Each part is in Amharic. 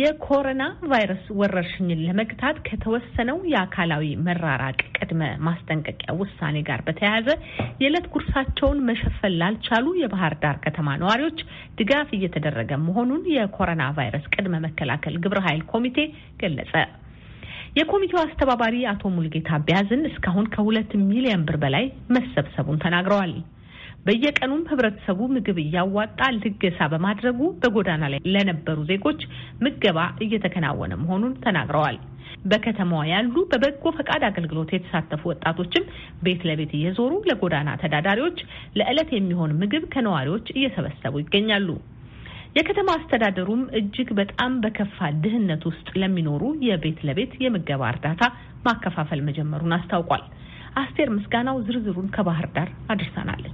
የኮሮና ቫይረስ ወረርሽኝን ለመግታት ከተወሰነው የአካላዊ መራራቅ ቅድመ ማስጠንቀቂያ ውሳኔ ጋር በተያያዘ የዕለት ጉርሳቸውን መሸፈን ላልቻሉ የባህር ዳር ከተማ ነዋሪዎች ድጋፍ እየተደረገ መሆኑን የኮሮና ቫይረስ ቅድመ መከላከል ግብረ ኃይል ኮሚቴ ገለጸ። የኮሚቴው አስተባባሪ አቶ ሙልጌታ ቢያዝን እስካሁን ከሁለት ሚሊዮን ብር በላይ መሰብሰቡን ተናግረዋል። በየቀኑም ህብረተሰቡ ምግብ እያዋጣ ልገሳ በማድረጉ በጎዳና ላይ ለነበሩ ዜጎች ምገባ እየተከናወነ መሆኑን ተናግረዋል። በከተማዋ ያሉ በበጎ ፈቃድ አገልግሎት የተሳተፉ ወጣቶችም ቤት ለቤት እየዞሩ ለጎዳና ተዳዳሪዎች ለዕለት የሚሆን ምግብ ከነዋሪዎች እየሰበሰቡ ይገኛሉ። የከተማ አስተዳደሩም እጅግ በጣም በከፋ ድህነት ውስጥ ለሚኖሩ የቤት ለቤት የምገባ እርዳታ ማከፋፈል መጀመሩን አስታውቋል። አስቴር ምስጋናው ዝርዝሩን ከባህር ዳር አድርሰናለች።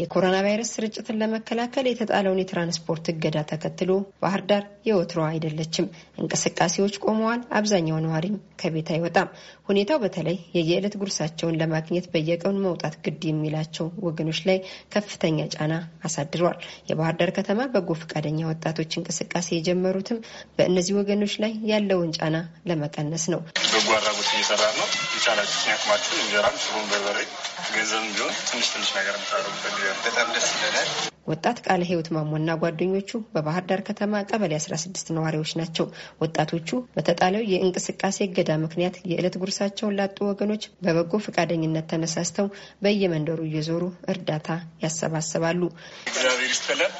የኮሮና ቫይረስ ስርጭትን ለመከላከል የተጣለውን የትራንስፖርት እገዳ ተከትሎ ባህር ዳር የወትሮ አይደለችም። እንቅስቃሴዎች ቆመዋል። አብዛኛው ነዋሪም ከቤት አይወጣም። ሁኔታው በተለይ የየዕለት ጉርሳቸውን ለማግኘት በየቀኑ መውጣት ግድ የሚላቸው ወገኖች ላይ ከፍተኛ ጫና አሳድሯል። የባህር ዳር ከተማ በጎ ፈቃደኛ ወጣቶች እንቅስቃሴ የጀመሩትም በእነዚህ ወገኖች ላይ ያለውን ጫና ለመቀነስ ነው። በጎ አድራጎት እየሰራ ነው። የቻላችሁትን ያቅማችሁን እንጀራም፣ ሽሮም፣ በርበሬ ገንዘብም ቢሆን ትንሽ ትንሽ ነገር የምታደርጉበት በጣም ደስ ይለናል። ወጣት ቃለ ሕይወት ማሞና ጓደኞቹ በባህር ዳር ከተማ ቀበሌ 16 ነዋሪዎች ናቸው። ወጣቶቹ በተጣለው የእንቅስቃሴ እገዳ ምክንያት የዕለት ጉርሳቸውን ላጡ ወገኖች በበጎ ፈቃደኝነት ተነሳስተው በየመንደሩ እየዞሩ እርዳታ ያሰባስባሉ። እግዚአብሔር ይስጥልን።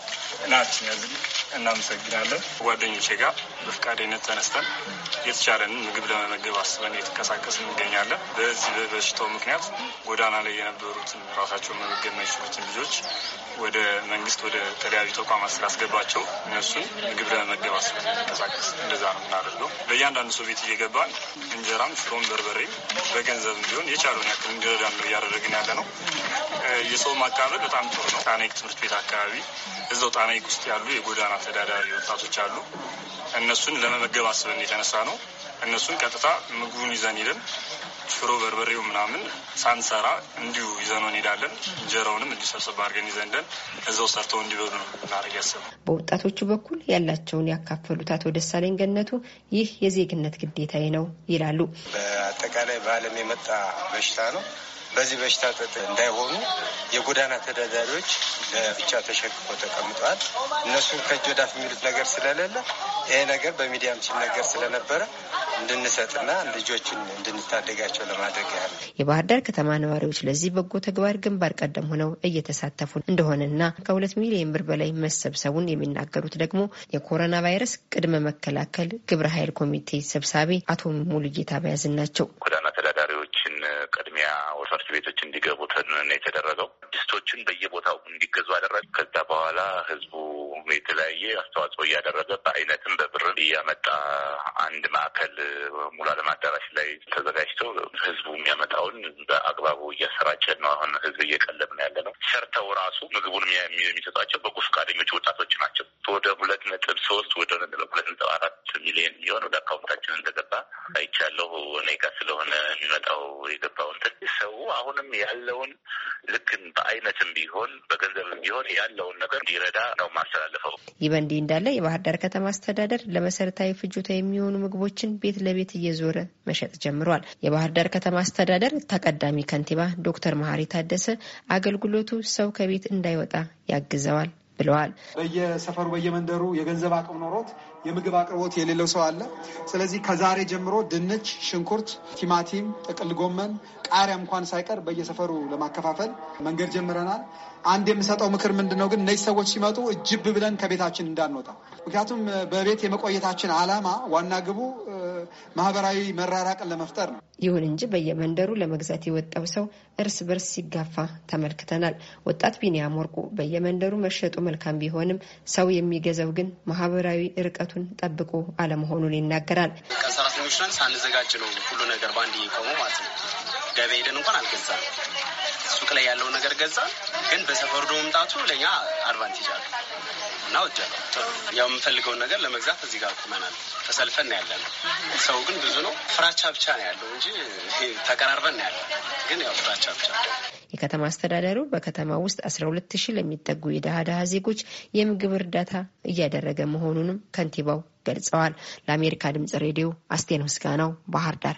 ናችን ያሉት። እናመሰግናለን። ጓደኞቼ ጋር በፍቃደኝነት ተነስተን የተቻለንን ምግብ ለመመገብ አስበን የተንቀሳቀስ እንገኛለን። በዚህ በበሽታው ምክንያት ጎዳና ላይ የነበሩትን ራሳቸውን መመገብ የማይችሉትን ልጆች ወደ መንግስት ወደ ተለያዩ ተቋማት ስላስገባቸው እነሱን ምግብ ለመመገብ አስበን እንቀሳቀስ እንደዛ ነው የምናደርገው። በእያንዳንዱ ሰው ቤት እየገባን እንጀራም፣ ሽሮም፣ በርበሬ በገንዘብ ቢሆን የቻለውን ያክል እንዲረዳን ነው እያደረግን ያለ ነው። የሰው ማካበል በጣም ጥሩ ነው። ጣና ትምህርት ቤት አካባቢ እዛው ፓናይክ ውስጥ ያሉ የጎዳና ተዳዳሪ ወጣቶች አሉ። እነሱን ለመመገብ አስበን የተነሳ ነው። እነሱን ቀጥታ ምግቡን ይዘን ሄደን ሽሮ በርበሬው ምናምን ሳንሰራ እንዲሁ ይዘነው እንሄዳለን። እንጀራውንም እንዲሰብሰብ አድርገን ይዘን ደን እዛው ሰርተው እንዲበሉ ነው እናደርግ ያሰቡ። በወጣቶቹ በኩል ያላቸውን ያካፈሉት አቶ ደሳለኝ ገነቱ ይህ የዜግነት ግዴታዬ ነው ይላሉ። በአጠቃላይ በዓለም የመጣ በሽታ ነው። በዚህ በሽታ ጥጥ እንዳይሆኑ የጎዳና ተዳዳሪዎች ለብቻ ተሸክፎ ተቀምጠዋል። እነሱ ከእጅ ወዳፍ የሚሉት ነገር ስለሌለ ይሄ ነገር በሚዲያም ሲነገር ስለነበረ እንድንሰጥና ልጆችን እንድንታደጋቸው ለማድረግ ያህል የባህር ዳር ከተማ ነዋሪዎች ለዚህ በጎ ተግባር ግንባር ቀደም ሆነው እየተሳተፉ እንደሆነና ከሁለት ሚሊዮን ብር በላይ መሰብሰቡን የሚናገሩት ደግሞ የኮሮና ቫይረስ ቅድመ መከላከል ግብረ ኃይል ኮሚቴ ሰብሳቢ አቶ ሙሉጌታ በያዝን ናቸው። ቤቶች እንዲገቡ ነው የተደረገው። ፓርቲዎችን በየቦታው እንዲገዙ አደረግ። ከዛ በኋላ ህዝቡ የተለያየ አስተዋጽኦ እያደረገ በአይነትም በብርም እያመጣ አንድ ማዕከል ሙሉ ዓለም አዳራሽ ላይ ተዘጋጅቶ ህዝቡ የሚያመጣውን በአግባቡ እያሰራጨ ነው። አሁን ህዝብ እየቀለብ ነው ያለ ነው። ሰርተው ራሱ ምግቡን የሚሰጧቸው በጎ ፈቃደኞች ወጣቶች ናቸው። ወደ ሁለት ነጥብ ሶስት ወደ ሁለት ነጥብ አራት ሚሊዮን የሚሆን ወደ አካውንታችን እንደገባ አይቻለሁ። እኔ ጋር ስለሆነ የሚመጣው የገባው እንትን ሰው አሁንም ያለውን ልክን በአይነት በጉልበትም ቢሆን በገንዘብም ቢሆን ያለውን ነገር እንዲረዳ ነው ማስተላለፈው። ይህ በእንዲህ እንዳለ የባህር ዳር ከተማ አስተዳደር ለመሰረታዊ ፍጆታ የሚሆኑ ምግቦችን ቤት ለቤት እየዞረ መሸጥ ጀምሯል። የባህር ዳር ከተማ አስተዳደር ተቀዳሚ ከንቲባ ዶክተር መሀሪ ታደሰ አገልግሎቱ ሰው ከቤት እንዳይወጣ ያግዘዋል ብለዋል። በየሰፈሩ በየመንደሩ የገንዘብ አቅም ኖሮት የምግብ አቅርቦት የሌለው ሰው አለ። ስለዚህ ከዛሬ ጀምሮ ድንች፣ ሽንኩርት፣ ቲማቲም፣ ጥቅል ጎመን፣ ቃሪያ እንኳን ሳይቀር በየሰፈሩ ለማከፋፈል መንገድ ጀምረናል። አንድ የምሰጠው ምክር ምንድን ነው ግን እነዚህ ሰዎች ሲመጡ እጅብ ብለን ከቤታችን እንዳንወጣ። ምክንያቱም በቤት የመቆየታችን ዓላማ ዋና ግቡ ማህበራዊ መራራቅን ለመፍጠር ነው። ይሁን እንጂ በየመንደሩ ለመግዛት የወጣው ሰው እርስ በርስ ሲጋፋ ተመልክተናል። ወጣት ቢኒያም ወርቁ በየመንደሩ መሸጡ መልካም ቢሆንም ሰው የሚገዛው ግን ማህበራዊ ርቀቱን ጠብቆ አለመሆኑን ይናገራል። ከሰራተኞች ነን ሳንዘጋጅ ነው ሁሉ ነገር በአንድ ቆሞ ማለት ነው። ገበያ ሄደን እንኳን አልገዛ ሱቅ ላይ ያለው ነገር ገዛ። ግን በሰፈርዶ መምጣቱ ለእኛ አድቫንቴጅ አለ እና ወጀን ያው የምንፈልገውን ነገር ለመግዛት እዚህ ጋር ቁመናል። ተሰልፈን ያለ ነው። ሰው ግን ብዙ ነው። ፍራቻ ብቻ ነው ያለው እንጂ ተቀራርበን ያለ ግን ያው ፍራቻ ብቻ። የከተማ አስተዳደሩ በከተማ ውስጥ 12 ሺህ ለሚጠጉ የደሃ ዜጎች የምግብ እርዳታ እያደረገ መሆኑንም ከንቲባው ገልጸዋል። ለአሜሪካ ድምጽ ሬዲዮ አስቴን ምስጋናው ባህር ዳር